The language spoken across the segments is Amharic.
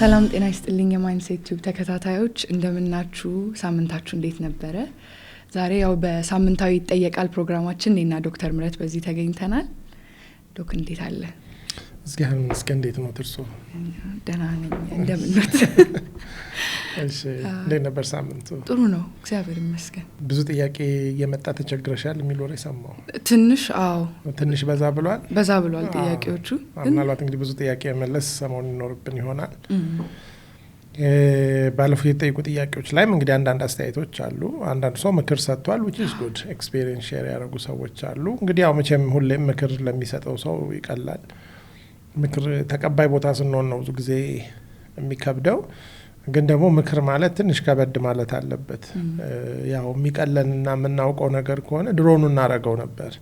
ሰላም ጤና ይስጥልኝ። የማይንድሴት ዩቲዩብ ተከታታዮች እንደምናችሁ፣ ሳምንታችሁ እንዴት ነበረ? ዛሬ ያው በሳምንታዊ ይጠየቃል ፕሮግራማችን እኔና ዶክተር ምረት በዚህ ተገኝተናል። ዶክ እንዴት አለ? እግዚአብሔር መስገን እንዴት ነው እርሶ? ደህና ነኝ። እንዴት ነበር ሳምንቱ? ጥሩ ነው እግዚአብሔር ይመስገን። ብዙ ጥያቄ የመጣ ተቸግረሻል የሚል ወሬ ሰማሁ። ትንሽ አዎ፣ ትንሽ በዛ ብሏል፣ በዛ ብሏል ጥያቄዎቹ። ምናልባት እንግዲህ ብዙ ጥያቄ መለስ ሰሞኑን ይኖርብን ይሆናል። ባለፉት የተጠየቁ ጥያቄዎች ላይም እንግዲህ አንዳንድ አስተያየቶች አሉ። አንዳንድ ሰው ምክር ሰጥቷል። ዊች ኢዝ ጉድ ኤክስፔሪንስ ሼር ያደረጉ ሰዎች አሉ። እንግዲህ ያው መቼም ሁሌም ምክር ለሚሰጠው ሰው ይቀላል ምክር ተቀባይ ቦታ ስንሆን ነው ብዙ ጊዜ የሚከብደው። ግን ደግሞ ምክር ማለት ትንሽ ከበድ ማለት አለበት። ያው የሚቀለንና የምናውቀው ነገር ከሆነ ድሮኑ እናረገው ነበር።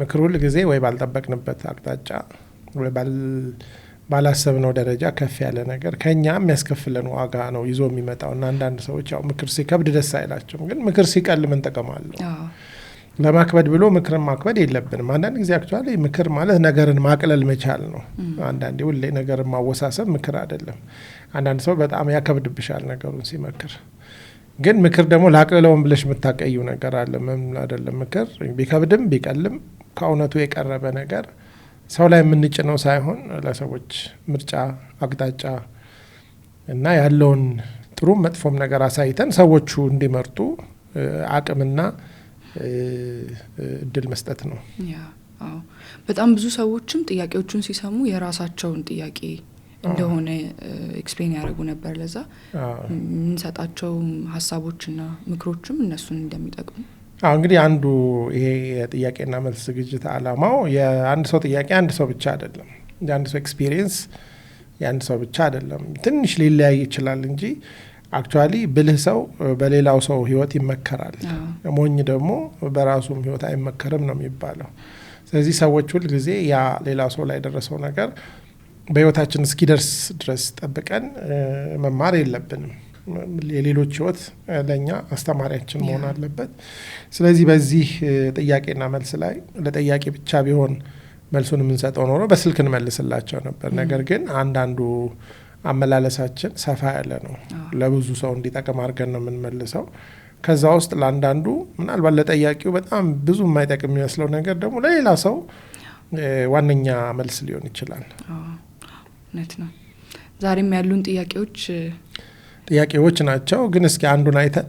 ምክር ሁል ጊዜ ወይ ባልጠበቅንበት አቅጣጫ ወይ ባላሰብነው ደረጃ ከፍ ያለ ነገር ከኛ የሚያስከፍለን ዋጋ ነው ይዞ የሚመጣው እና አንዳንድ ሰዎች ያው ምክር ሲከብድ ደስ አይላቸውም። ግን ምክር ሲቀል ምን ጥቅም አለው? ለማክበድ ብሎ ምክርን ማክበድ የለብንም። አንዳንድ ጊዜ አክቹዋሊ ምክር ማለት ነገርን ማቅለል መቻል ነው። አንዳንዴ ሁሌ ነገርን ማወሳሰብ ምክር አይደለም። አንዳንድ ሰው በጣም ያከብድብሻል ነገሩን ሲመክር። ግን ምክር ደግሞ ላቅልለውን ብለሽ የምታቀዩ ነገር አለ። ምን አይደለም ምክር ቢከብድም ቢቀልም ከእውነቱ የቀረበ ነገር ሰው ላይ የምንጭነው ሳይሆን ለሰዎች ምርጫ፣ አቅጣጫ እና ያለውን ጥሩም መጥፎም ነገር አሳይተን ሰዎቹ እንዲመርጡ አቅምና እድል መስጠት ነው። አዎ በጣም ብዙ ሰዎችም ጥያቄዎቹን ሲሰሙ የራሳቸውን ጥያቄ እንደሆነ ኤክስፕሌን ያደረጉ ነበር። ለዛ የምንሰጣቸው ሀሳቦችና ምክሮችም እነሱን እንደሚጠቅሙ አሁ እንግዲህ አንዱ ይሄ የጥያቄና መልስ ዝግጅት አላማው የአንድ ሰው ጥያቄ አንድ ሰው ብቻ አይደለም፣ የአንድ ሰው ኤክስፒሪየንስ የአንድ ሰው ብቻ አይደለም። ትንሽ ሊለያይ ይችላል እንጂ አክቹዋሊ ብልህ ሰው በሌላው ሰው ህይወት ይመከራል፣ ሞኝ ደግሞ በራሱም ህይወት አይመከርም ነው የሚባለው። ስለዚህ ሰዎች ሁል ጊዜ ያ ሌላው ሰው ላይ የደረሰው ነገር በህይወታችን እስኪደርስ ድረስ ጠብቀን መማር የለብንም። የሌሎች ህይወት ለእኛ አስተማሪያችን መሆን አለበት። ስለዚህ በዚህ ጥያቄና መልስ ላይ ለጥያቄ ብቻ ቢሆን መልሱን የምንሰጠው ኖሮ በስልክ እንመልስላቸው ነበር። ነገር ግን አንዳንዱ አመላለሳችን ሰፋ ያለ ነው። ለብዙ ሰው እንዲጠቅም አድርገን ነው የምንመልሰው። ከዛ ውስጥ ለአንዳንዱ ምናልባት ለጠያቂው በጣም ብዙ የማይጠቅም የሚመስለው ነገር ደግሞ ለሌላ ሰው ዋነኛ መልስ ሊሆን ይችላል። እውነት ነው። ዛሬም ያሉን ጥያቄዎች ጥያቄዎች ናቸው። ግን እስኪ አንዱን አይተን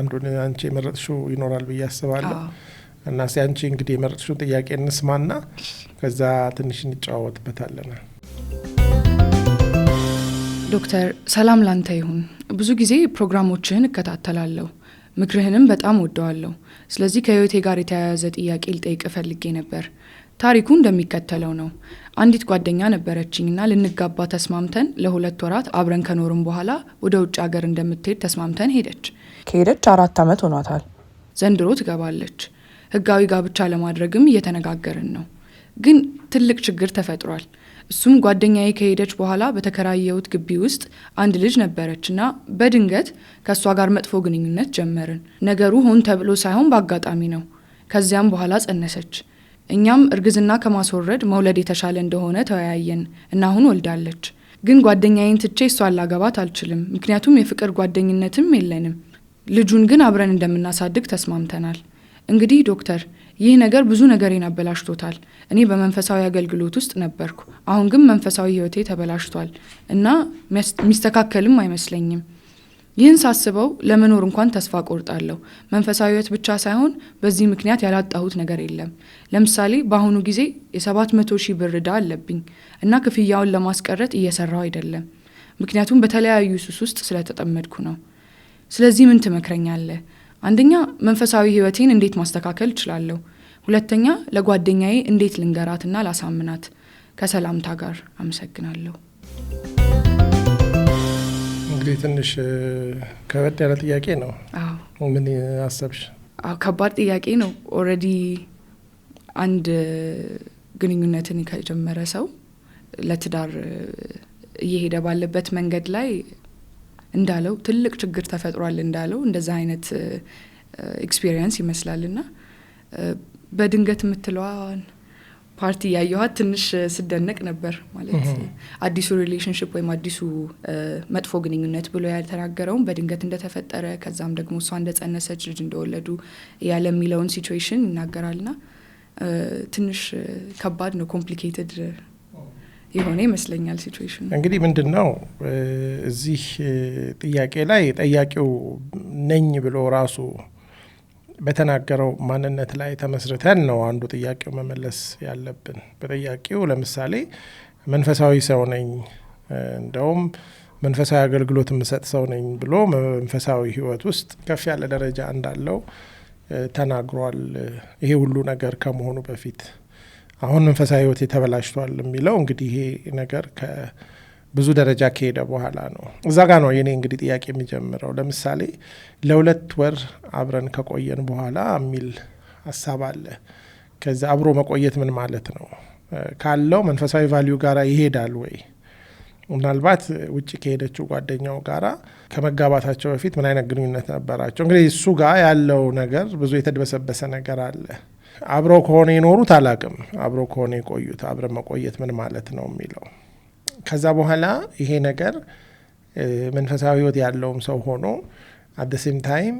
አንዱን አንቺ የመረጥሽው ይኖራል ብዬ አስባለሁ እና እስኪ አንቺ እንግዲህ የመረጥሽውን ጥያቄ እንስማና ከዛ ትንሽ እንጨዋወትበታለን። ዶክተር ሰላም ላንተ ይሁን። ብዙ ጊዜ ፕሮግራሞችህን እከታተላለሁ፣ ምክርህንም በጣም ወደዋለሁ። ስለዚህ ከህይወቴ ጋር የተያያዘ ጥያቄ ልጠይቅ ፈልጌ ነበር። ታሪኩ እንደሚከተለው ነው። አንዲት ጓደኛ ነበረችኝና ልንጋባ ተስማምተን ለሁለት ወራት አብረን ከኖርም በኋላ ወደ ውጭ ሀገር እንደምትሄድ ተስማምተን ሄደች። ከሄደች አራት ዓመት ሆኗታል። ዘንድሮ ትገባለች። ህጋዊ ጋብቻ ለማድረግም እየተነጋገርን ነው። ግን ትልቅ ችግር ተፈጥሯል። እሱም ጓደኛዬ ከሄደች በኋላ በተከራየሁት ግቢ ውስጥ አንድ ልጅ ነበረች እና በድንገት ከእሷ ጋር መጥፎ ግንኙነት ጀመርን። ነገሩ ሆን ተብሎ ሳይሆን በአጋጣሚ ነው። ከዚያም በኋላ ጸነሰች። እኛም እርግዝና ከማስወረድ መውለድ የተሻለ እንደሆነ ተወያየን እና አሁን ወልዳለች። ግን ጓደኛዬን ትቼ እሷ አላገባት አልችልም፣ ምክንያቱም የፍቅር ጓደኝነትም የለንም። ልጁን ግን አብረን እንደምናሳድግ ተስማምተናል። እንግዲህ ዶክተር ይህ ነገር ብዙ ነገሬን አበላሽቶታል። እኔ በመንፈሳዊ አገልግሎት ውስጥ ነበርኩ። አሁን ግን መንፈሳዊ ህይወቴ ተበላሽቷል እና የሚስተካከልም አይመስለኝም። ይህን ሳስበው ለመኖር እንኳን ተስፋ ቆርጣለሁ። መንፈሳዊ ህይወት ብቻ ሳይሆን በዚህ ምክንያት ያላጣሁት ነገር የለም። ለምሳሌ በአሁኑ ጊዜ የሰባት መቶ ሺህ ብር ዕዳ አለብኝ እና ክፍያውን ለማስቀረት እየሰራው አይደለም፣ ምክንያቱም በተለያዩ ሱስ ውስጥ ስለተጠመድኩ ነው። ስለዚህ ምን ትመክረኛለህ? አንደኛ መንፈሳዊ ህይወቴን እንዴት ማስተካከል እችላለሁ? ሁለተኛ ለጓደኛዬ እንዴት ልንገራትና ላሳምናት? ከሰላምታ ጋር አመሰግናለሁ። እንግዲህ ትንሽ ከበድ ያለ ጥያቄ ነው። ምን አሰብሽ? ከባድ ጥያቄ ነው። ኦልሬዲ አንድ ግንኙነትን ከጀመረ ሰው ለትዳር እየሄደ ባለበት መንገድ ላይ እንዳለው ትልቅ ችግር ተፈጥሯል እንዳለው እንደዛ አይነት ይመስላል ና በድንገት የምትለዋን ፓርቲ ያየኋት ትንሽ ስደነቅ ነበር። ማለት አዲሱ ሪሌሽንሽፕ ወይም አዲሱ መጥፎ ግንኙነት ብሎ ያልተናገረውም በድንገት እንደተፈጠረ ከዛም ደግሞ እሷ እንደጸነሰች ልጅ እንደወለዱ ያለ ሲትዌሽን ይናገራል ና ትንሽ ከባድ ነው ኮምፕሊኬትድ የሆነ ይመስለኛል። እንግዲህ ምንድን ነው እዚህ ጥያቄ ላይ ጠያቂው ነኝ ብሎ ራሱ በተናገረው ማንነት ላይ ተመስርተን ነው አንዱ ጥያቄው መመለስ ያለብን። በጠያቂው ለምሳሌ መንፈሳዊ ሰው ነኝ እንደውም መንፈሳዊ አገልግሎት የምሰጥ ሰው ነኝ ብሎ መንፈሳዊ ሕይወት ውስጥ ከፍ ያለ ደረጃ እንዳለው ተናግሯል። ይሄ ሁሉ ነገር ከመሆኑ በፊት አሁን መንፈሳዊ ህይወት የተበላሽቷል የሚለው እንግዲህ ይሄ ነገር ብዙ ደረጃ ከሄደ በኋላ ነው። እዛ ጋ ነው የኔ እንግዲህ ጥያቄ የሚጀምረው። ለምሳሌ ለሁለት ወር አብረን ከቆየን በኋላ የሚል ሀሳብ አለ። ከዚ አብሮ መቆየት ምን ማለት ነው? ካለው መንፈሳዊ ቫሊዩ ጋራ ይሄዳል ወይ? ምናልባት ውጭ ከሄደችው ጓደኛው ጋራ ከመጋባታቸው በፊት ምን አይነት ግንኙነት ነበራቸው? እንግዲህ እሱ ጋር ያለው ነገር ብዙ የተድበሰበሰ ነገር አለ። አብረው ከሆነ የኖሩት አላቅም። አብረ ከሆነ የቆዩት አብረ መቆየት ምን ማለት ነው የሚለው ከዛ በኋላ ይሄ ነገር መንፈሳዊ ህይወት ያለውም ሰው ሆኖ ሴም ታይም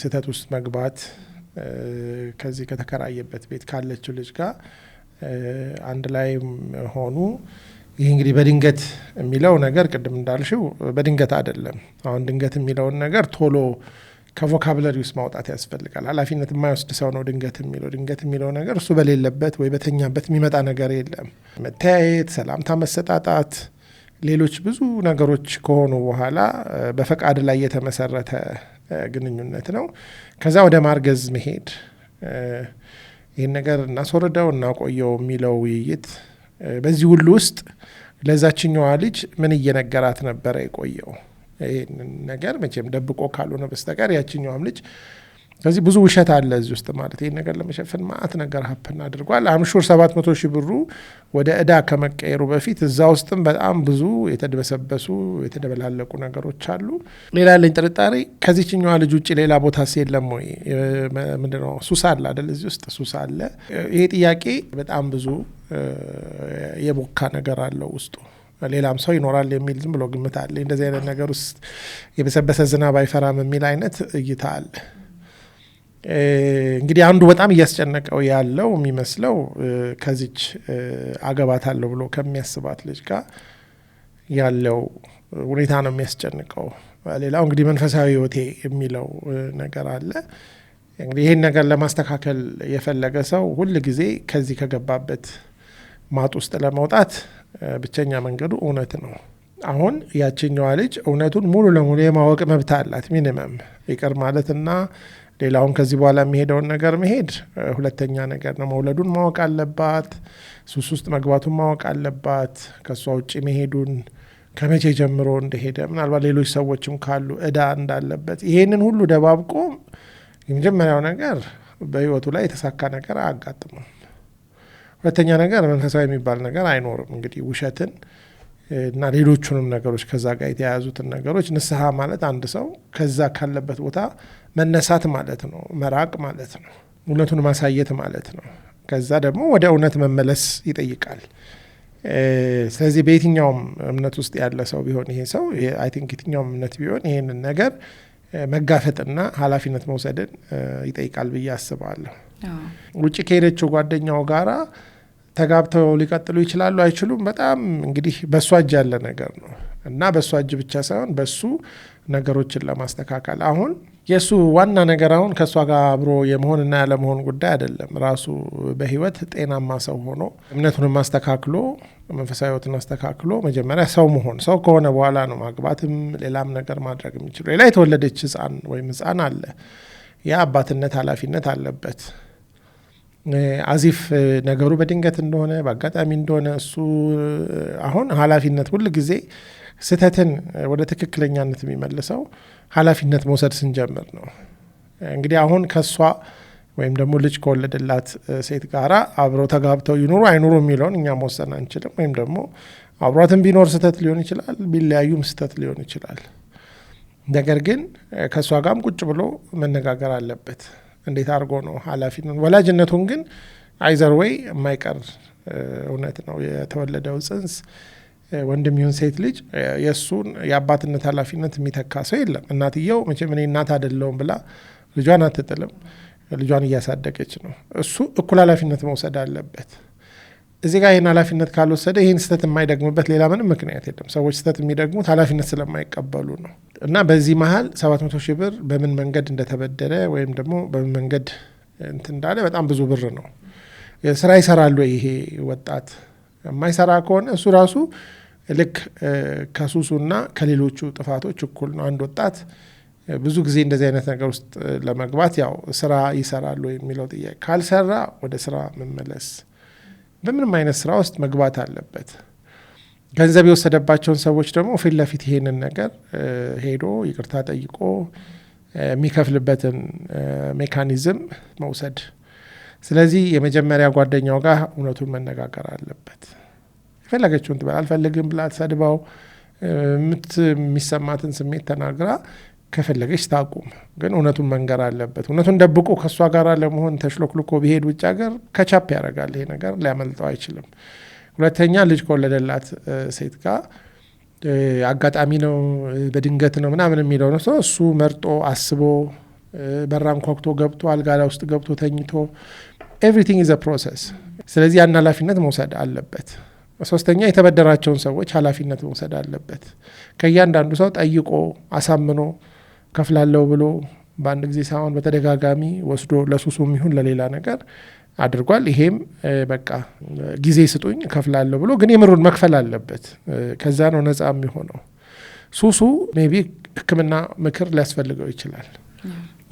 ስህተት ውስጥ መግባት ከዚህ ከተከራየበት ቤት ካለችው ልጅ ጋር አንድ ላይ ሆኑ። ይህ እንግዲህ በድንገት የሚለው ነገር ቅድም እንዳልሽው በድንገት አይደለም። አሁን ድንገት የሚለውን ነገር ቶሎ ከቮካብለሪ ውስጥ ማውጣት ያስፈልጋል። ኃላፊነት የማይወስድ ሰው ነው ድንገት የሚለው ድንገት የሚለው ነገር እሱ በሌለበት ወይ በተኛበት የሚመጣ ነገር የለም። መተያየት፣ ሰላምታ መሰጣጣት፣ ሌሎች ብዙ ነገሮች ከሆኑ በኋላ በፈቃድ ላይ የተመሰረተ ግንኙነት ነው። ከዛ ወደ ማርገዝ መሄድ ይህን ነገር እናስወርደው እናቆየው የሚለው ውይይት በዚህ ሁሉ ውስጥ ለዛችኛዋ ልጅ ምን እየነገራት ነበረ የቆየው? ይሄንን ነገር መቼም ደብቆ ካልሆነ በስተቀር ያችኛዋም ልጅ ከዚህ ብዙ ውሸት አለ እዚህ ውስጥ ማለት ይህን ነገር ለመሸፈን ማአት ነገር ሀፕን አድርጓል። አምሹር ሰባት መቶ ሺህ ብሩ ወደ እዳ ከመቀየሩ በፊት እዛ ውስጥም በጣም ብዙ የተደበሰበሱ የተደበላለቁ ነገሮች አሉ። ሌላ ያለኝ ጥርጣሬ ከዚችኛዋ ልጅ ውጭ ሌላ ቦታ የለም ወይ? ምንድነው ሱስ አለ አደል? እዚህ ውስጥ ሱስ አለ። ይሄ ጥያቄ በጣም ብዙ የቦካ ነገር አለው ውስጡ። ሌላም ሰው ይኖራል የሚል ዝም ብሎ ግምት አለ። እንደዚህ አይነት ነገር ውስጥ የበሰበሰ ዝናብ አይፈራም የሚል አይነት እይታ አለ። እንግዲህ አንዱ በጣም እያስጨነቀው ያለው የሚመስለው ከዚች አገባታለሁ ብሎ ከሚያስባት ልጅ ጋር ያለው ሁኔታ ነው የሚያስጨንቀው። ሌላው እንግዲህ መንፈሳዊ ሕይወቴ የሚለው ነገር አለ። እንግዲህ ይህን ነገር ለማስተካከል የፈለገ ሰው ሁል ጊዜ ከዚህ ከገባበት ማጥ ውስጥ ለመውጣት ብቸኛ መንገዱ እውነት ነው። አሁን ያችኛዋ ልጅ እውነቱን ሙሉ ለሙሉ የማወቅ መብት አላት። ሚኒመም ይቅር ማለትና ሌላውን ከዚህ በኋላ የሚሄደውን ነገር መሄድ ሁለተኛ ነገር ነው። መውለዱን ማወቅ አለባት። ሱስ ውስጥ መግባቱን ማወቅ አለባት። ከእሷ ውጭ መሄዱን ከመቼ ጀምሮ እንደሄደ ምናልባት ሌሎች ሰዎችም ካሉ እዳ እንዳለበት ይሄንን ሁሉ ደባብቆ የመጀመሪያው ነገር በህይወቱ ላይ የተሳካ ነገር አያጋጥመው። ሁለተኛ ነገር መንፈሳዊ የሚባል ነገር አይኖርም። እንግዲህ ውሸትን እና ሌሎቹንም ነገሮች ከዛ ጋር የተያያዙትን ነገሮች ንስሐ ማለት አንድ ሰው ከዛ ካለበት ቦታ መነሳት ማለት ነው፣ መራቅ ማለት ነው፣ እውነቱን ማሳየት ማለት ነው። ከዛ ደግሞ ወደ እውነት መመለስ ይጠይቃል። ስለዚህ በየትኛውም እምነት ውስጥ ያለ ሰው ቢሆን ይሄ ሰው አይ ቲንክ የትኛውም እምነት ቢሆን ይሄንን ነገር መጋፈጥና ኃላፊነት መውሰድን ይጠይቃል ብዬ አስባለሁ። ውጭ ከሄደችው ጓደኛው ጋራ ተጋብተው ሊቀጥሉ ይችላሉ አይችሉም፣ በጣም እንግዲህ በእሱ እጅ ያለ ነገር ነው እና በእሱ እጅ ብቻ ሳይሆን በሱ ነገሮችን ለማስተካከል አሁን የእሱ ዋና ነገር አሁን ከእሷ ጋር አብሮ የመሆንና ያለመሆን ጉዳይ አይደለም። ራሱ በህይወት ጤናማ ሰው ሆኖ እምነቱንም አስተካክሎ መንፈሳዊ ህይወትን አስተካክሎ መጀመሪያ ሰው መሆን ሰው ከሆነ በኋላ ነው ማግባትም ሌላም ነገር ማድረግ የሚችሉ ሌላ የተወለደች ህፃን ወይም ህፃን አለ። ያ አባትነት ኃላፊነት አለበት። አዚፍ ነገሩ በድንገት እንደሆነ በአጋጣሚ እንደሆነ እሱ አሁን ኃላፊነት ሁል ጊዜ ስህተትን ወደ ትክክለኛነት የሚመልሰው ኃላፊነት መውሰድ ስንጀምር ነው። እንግዲህ አሁን ከሷ ወይም ደግሞ ልጅ ከወለደላት ሴት ጋር አብረው ተጋብተው ይኑሩ አይኑሩ የሚለውን እኛ መወሰን አንችልም። ወይም ደግሞ አብሯትን ቢኖር ስህተት ሊሆን ይችላል፣ ቢለያዩም ስህተት ሊሆን ይችላል። ነገር ግን ከእሷ ጋርም ቁጭ ብሎ መነጋገር አለበት። እንዴት አድርጎ ነው ኃላፊነት ወላጅነቱን ግን አይዘር ወይ የማይቀር እውነት ነው። የተወለደው ጽንስ ወንድም ይሁን ሴት ልጅ የእሱን የአባትነት ኃላፊነት የሚተካ ሰው የለም። እናትየው መቼም እኔ እናት አይደለሁም ብላ ልጇን አትጥልም። ልጇን እያሳደገች ነው። እሱ እኩል ኃላፊነት መውሰድ አለበት። እዚህ ጋር ይህን ኃላፊነት ካልወሰደ ይህን ስህተት የማይደግምበት ሌላ ምንም ምክንያት የለም። ሰዎች ስህተት የሚደግሙት ኃላፊነት ስለማይቀበሉ ነው። እና በዚህ መሀል 700 ሺህ ብር በምን መንገድ እንደተበደረ ወይም ደግሞ በምን መንገድ እንትን እንዳለ በጣም ብዙ ብር ነው። ስራ ይሰራሉ ይሄ ወጣት የማይሰራ ከሆነ እሱ ራሱ ልክ ከሱሱና ከሌሎቹ ጥፋቶች እኩል ነው። አንድ ወጣት ብዙ ጊዜ እንደዚህ አይነት ነገር ውስጥ ለመግባት ያው ስራ ይሰራሉ የሚለው ጥያቄ፣ ካልሰራ ወደ ስራ መመለስ በምንም አይነት ስራ ውስጥ መግባት አለበት። ገንዘብ የወሰደባቸውን ሰዎች ደግሞ ፊት ለፊት ይሄንን ነገር ሄዶ ይቅርታ ጠይቆ የሚከፍልበትን ሜካኒዝም መውሰድ። ስለዚህ የመጀመሪያ ጓደኛው ጋር እውነቱን መነጋገር አለበት። የፈለገችውን ትበል፣ አልፈልግም ብላ ሰድባው የሚሰማትን ስሜት ተናግራ ከፈለገች ታቁም፣ ግን እውነቱን መንገር አለበት። እውነቱን ደብቆ ከእሷ ጋር ለመሆን ተሽሎክልኮ ቢሄድ ውጭ ሀገር ከቻፕ ያደርጋል። ይሄ ነገር ሊያመልጠው አይችልም። ሁለተኛ ልጅ ከወለደላት ሴት ጋር አጋጣሚ ነው በድንገት ነው ምናምን የሚለው ነው ሰው እሱ መርጦ አስቦ በራን ኳኩቶ ገብቶ አልጋላ ውስጥ ገብቶ ተኝቶ ኤቭሪቲንግ ኢዝ ፕሮሰስ። ስለዚህ ያን ኃላፊነት መውሰድ አለበት። ሶስተኛ የተበደራቸውን ሰዎች ኃላፊነት መውሰድ አለበት። ከእያንዳንዱ ሰው ጠይቆ አሳምኖ ከፍላለው ብሎ በአንድ ጊዜ ሳይሆን በተደጋጋሚ ወስዶ ለሱሱ የሚሆን ለሌላ ነገር አድርጓል። ይሄም በቃ ጊዜ ስጡኝ እከፍላለሁ ብሎ ግን የምሩን መክፈል አለበት። ከዛ ነው ነጻ የሚሆነው። ሱሱ ሜቢ ሕክምና ምክር ሊያስፈልገው ይችላል።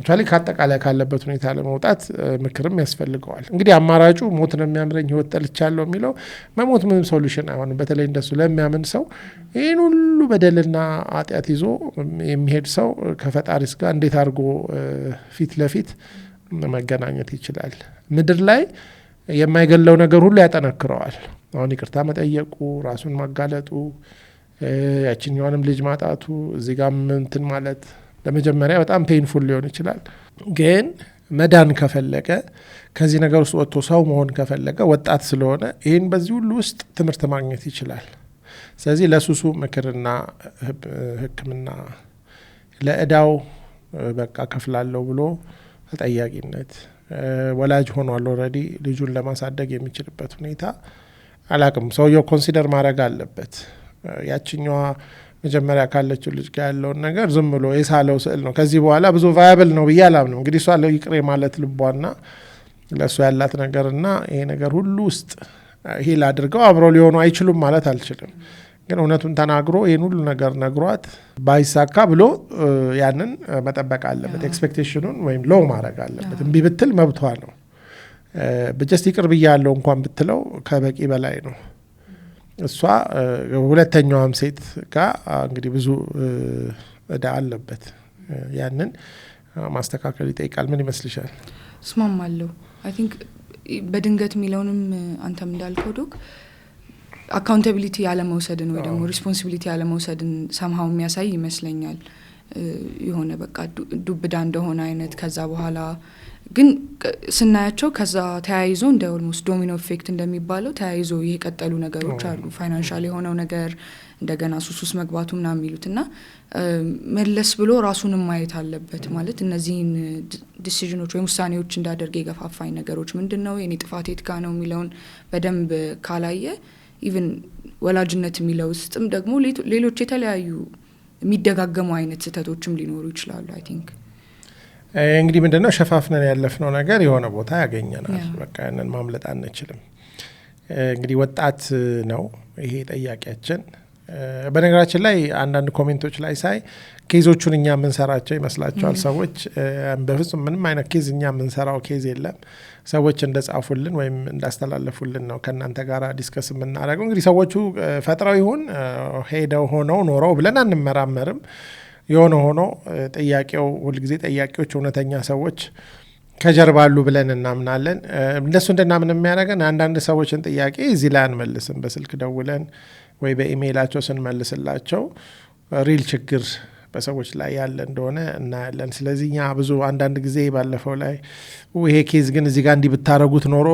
ምሳሌ ከአጠቃላይ ካለበት ሁኔታ ለመውጣት ምክርም ያስፈልገዋል። እንግዲህ አማራጩ ሞት ነው የሚያምረኝ ህይወት ጠልቻለሁ የሚለው መሞት ምንም ሶሉሽን አይሆንም። በተለይ እንደሱ ለሚያምን ሰው ይህን ሁሉ በደልና አጢአት ይዞ የሚሄድ ሰው ከፈጣሪስ ጋር እንዴት አድርጎ ፊት ለፊት መገናኘት ይችላል? ምድር ላይ የማይገለው ነገር ሁሉ ያጠነክረዋል። አሁን ይቅርታ መጠየቁ፣ ራሱን ማጋለጡ፣ ያችኛዋንም ልጅ ማጣቱ፣ እዚህ ጋር እንትን ማለት ለመጀመሪያ በጣም ፔንፉል ሊሆን ይችላል። ግን መዳን ከፈለገ ከዚህ ነገር ውስጥ ወጥቶ ሰው መሆን ከፈለገ ወጣት ስለሆነ ይህን በዚህ ሁሉ ውስጥ ትምህርት ማግኘት ይችላል። ስለዚህ ለሱሱ ምክርና ሕክምና ለእዳው በቃ ከፍላለሁ ብሎ ተጠያቂነት ወላጅ ሆኗል ኦልሬዲ ልጁን ለማሳደግ የሚችልበት ሁኔታ አላቅም። ሰውየው ኮንሲደር ማድረግ አለበት። ያችኛዋ መጀመሪያ ካለችው ልጅ ጋር ያለውን ነገር ዝም ብሎ የሳለው ስዕል ነው። ከዚህ በኋላ ብዙ ቫያብል ነው ብዬ አላምንም። እንግዲህ እሷ ይቅሬ ማለት ልቧና ለእሱ ያላት ነገርና ይሄ ነገር ሁሉ ውስጥ ሂል አድርገው አብረው ሊሆኑ አይችሉም ማለት አልችልም። ግን እውነቱን ተናግሮ ይህን ሁሉ ነገር ነግሯት ባይሳካ ብሎ ያንን መጠበቅ አለበት። ኤክስፔክቴሽኑን ወይም ሎው ማድረግ አለበት። እምቢ ብትል መብቷ ነው። በጀስት ይቅር ብያለሁ እንኳን ብትለው ከበቂ በላይ ነው። እሷ ሁለተኛዋም ሴት ጋር እንግዲህ ብዙ እዳ አለበት። ያንን ማስተካከል ይጠይቃል። ምን ይመስልሻል? እስማማለሁ። አይ ቲንክ በድንገት የሚለውንም አንተም እንዳልከው ዶክ አካውንታቢሊቲ ያለመውሰድን ወይ ደግሞ ሪስፖንሲቢሊቲ ያለመውሰድን ሰምሀው የሚያሳይ ይመስለኛል። የሆነ በቃ ዱብዳ እንደሆነ አይነት ከዛ በኋላ ግን ስናያቸው ከዛ ተያይዞ እንደ ኦልሞስት ዶሚኖ ኤፌክት እንደሚባለው ተያይዞ የቀጠሉ ነገሮች አሉ። ፋይናንሻል የሆነው ነገር እንደገና ሱስ ውስጥ መግባቱ ምና የሚሉት እና መለስ ብሎ ራሱንም ማየት አለበት ማለት እነዚህን ዲሲዥኖች ወይም ውሳኔዎች እንዳደርግ የገፋፋኝ ነገሮች ምንድን ነው፣ የኔ ጥፋት ጋ ነው የሚለውን በደንብ ካላየ ኢቨን ወላጅነት የሚለው ውስጥም ደግሞ ሌሎች የተለያዩ የሚደጋገሙ አይነት ስህተቶችም ሊኖሩ ይችላሉ። አይ ቲንክ እንግዲህ ምንድነው ሸፋፍነን ያለፍነው ነገር የሆነ ቦታ ያገኘናል። በቃ ያንን ማምለጥ አንችልም። እንግዲህ ወጣት ነው ይሄ ጠያቂያችን። በነገራችን ላይ አንዳንድ ኮሜንቶች ላይ ሳይ ኬዞቹን እኛ የምንሰራቸው ይመስላቸዋል ሰዎች። በፍጹም ምንም አይነት ኬዝ እኛ የምንሰራው ኬዝ የለም። ሰዎች እንደጻፉልን ወይም እንዳስተላለፉልን ነው ከእናንተ ጋር ዲስከስ የምናደርገው። እንግዲህ ሰዎቹ ፈጥረው ይሁን ሄደው ሆነው ኖረው ብለን አንመራመርም። የሆነ ሆኖ ጥያቄው ሁልጊዜ ጠያቂዎች እውነተኛ ሰዎች ከጀርባ አሉ ብለን እናምናለን። እነሱ እንደናምን የሚያደርገን አንዳንድ ሰዎችን ጥያቄ እዚህ ላይ አንመልስም። በስልክ ደውለን ወይ በኢሜይላቸው ስንመልስላቸው ሪል ችግር በሰዎች ላይ ያለ እንደሆነ እናያለን። ስለዚህ እኛ ብዙ አንዳንድ ጊዜ ባለፈው ላይ ይሄ ኬዝ ግን እዚህ ጋር እንዲህ ብታረጉት ኖሮ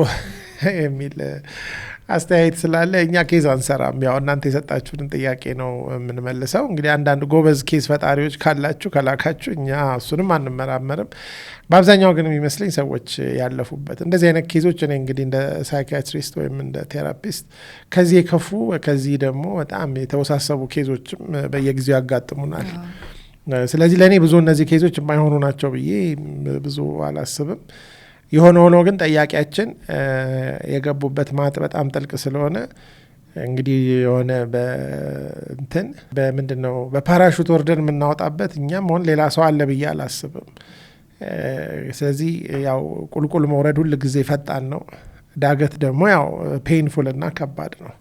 የሚል አስተያየት ስላለ እኛ ኬዝ አንሰራም። ያው እናንተ የሰጣችሁትን ጥያቄ ነው የምንመልሰው። እንግዲህ አንዳንድ ጎበዝ ኬዝ ፈጣሪዎች ካላችሁ ከላካችሁ፣ እኛ እሱንም አንመራመርም። በአብዛኛው ግን የሚመስለኝ ሰዎች ያለፉበት እንደዚህ አይነት ኬዞች እኔ እንግዲህ እንደ ሳይካትሪስት ወይም እንደ ቴራፒስት ከዚህ የከፉ ከዚህ ደግሞ በጣም የተወሳሰቡ ኬዞችም በየጊዜው ያጋጥሙናል። ስለዚህ ለእኔ ብዙ እነዚህ ኬዞች የማይሆኑ ናቸው ብዬ ብዙ አላስብም። የሆነ ሆኖ ግን ጠያቂያችን የገቡበት ማጥ በጣም ጥልቅ ስለሆነ እንግዲህ የሆነ በእንትን በምንድን ነው በፓራሹት ወርደን የምናወጣበት እኛም ሆን ሌላ ሰው አለ ብዬ አላስብም። ስለዚህ ያው ቁልቁል መውረድ ሁል ጊዜ ፈጣን ነው። ዳገት ደግሞ ያው ፔይንፉል እና ከባድ ነው።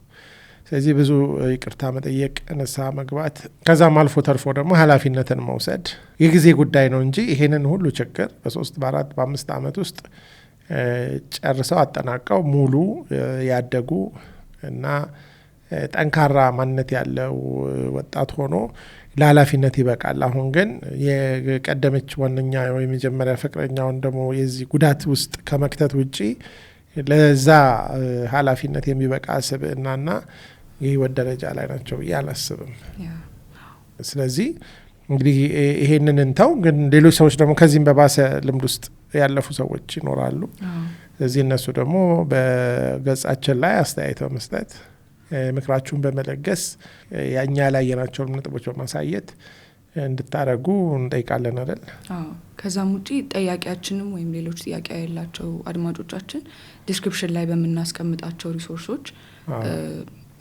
ስለዚህ ብዙ ይቅርታ መጠየቅ፣ ንስሐ መግባት፣ ከዛም አልፎ ተርፎ ደግሞ ኃላፊነትን መውሰድ የጊዜ ጉዳይ ነው እንጂ ይሄንን ሁሉ ችግር በሶስት በአራት በአምስት ዓመት ውስጥ ጨርሰው አጠናቀው ሙሉ ያደጉ እና ጠንካራ ማንነት ያለው ወጣት ሆኖ ለኃላፊነት ይበቃል። አሁን ግን የቀደመች ዋነኛ የመጀመሪያ ፍቅረኛውን ደግሞ የዚህ ጉዳት ውስጥ ከመክተት ውጪ ለዛ ኃላፊነት የሚበቃ ስብዕናና የህይወት ደረጃ ላይ ናቸው ብዬ አላስብም። ስለዚህ እንግዲህ ይሄንን እንተው። ግን ሌሎች ሰዎች ደግሞ ከዚህም በባሰ ልምድ ውስጥ ያለፉ ሰዎች ይኖራሉ። ስለዚህ እነሱ ደግሞ በገጻችን ላይ አስተያየት በመስጠት ምክራችሁን በመለገስ እኛ ላይ ነጥቦች በማሳየት እንድታደረጉ እንጠይቃለን አይደል? ከዛም ውጪ ጠያቂያችንም ወይም ሌሎች ጥያቄ ያላቸው አድማጮቻችን ዲስክሪፕሽን ላይ በምናስቀምጣቸው ሪሶርሶች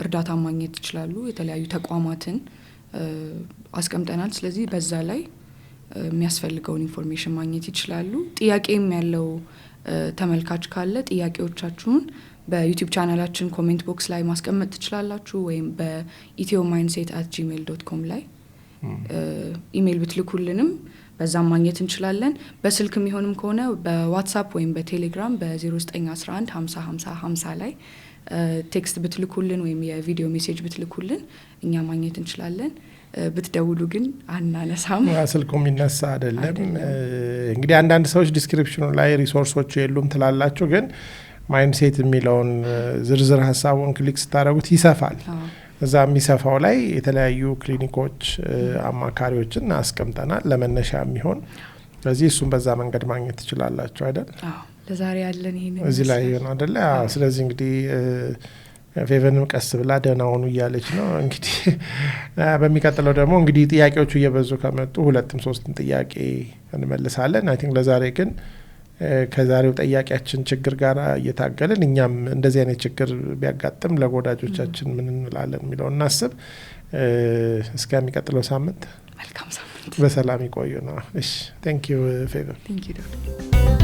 እርዳታ ማግኘት ይችላሉ። የተለያዩ ተቋማትን አስቀምጠናል። ስለዚህ በዛ ላይ የሚያስፈልገውን ኢንፎርሜሽን ማግኘት ይችላሉ። ጥያቄም ያለው ተመልካች ካለ ጥያቄዎቻችሁን በዩቲብ ቻናላችን ኮሜንት ቦክስ ላይ ማስቀመጥ ትችላላችሁ ወይም በኢትዮ ማይንሴት አት ጂሜይል ዶት ኮም ላይ ኢሜይል ብትልኩልንም በዛም ማግኘት እንችላለን። በስልክ የሚሆንም ከሆነ በዋትሳፕ ወይም በቴሌግራም በ0911 50 50 50 ላይ ቴክስት ብትልኩልን ወይም የቪዲዮ ሜሴጅ ብትልኩልን እኛ ማግኘት እንችላለን። ብትደውሉ ግን አናነሳም፣ ስልኩ የሚነሳ አይደለም። እንግዲህ አንዳንድ ሰዎች ዲስክሪፕሽኑ ላይ ሪሶርሶቹ የሉም ትላላችሁ፣ ግን ማይንድሴት የሚለውን ዝርዝር ሀሳቡን ክሊክ ስታደረጉት ይሰፋል። እዛ የሚሰፋው ላይ የተለያዩ ክሊኒኮች አማካሪዎችን አስቀምጠናል ለመነሻ የሚሆን ስለዚህ እሱም በዛ መንገድ ማግኘት ትችላላቸው አይደል ለዛሬ ያለን እዚህ ላይ ይሆን አደለ ስለዚህ እንግዲህ ፌቨንም ቀስ ብላ ደህና እያለች ነው እንግዲህ በሚቀጥለው ደግሞ እንግዲህ ጥያቄዎቹ እየበዙ ከመጡ ሁለትም ሶስትም ጥያቄ እንመልሳለን አይ ቲንክ ለዛሬ ግን ከዛሬው ጠያቂያችን ችግር ጋር እየታገልን እኛም እንደዚህ አይነት ችግር ቢያጋጥም ለወዳጆቻችን ምን እንላለን የሚለው እናስብ። እስከሚቀጥለው ሳምንት በሰላም ይቆዩ ነው። እሺ፣ ቴንክ ዩ ፌቨር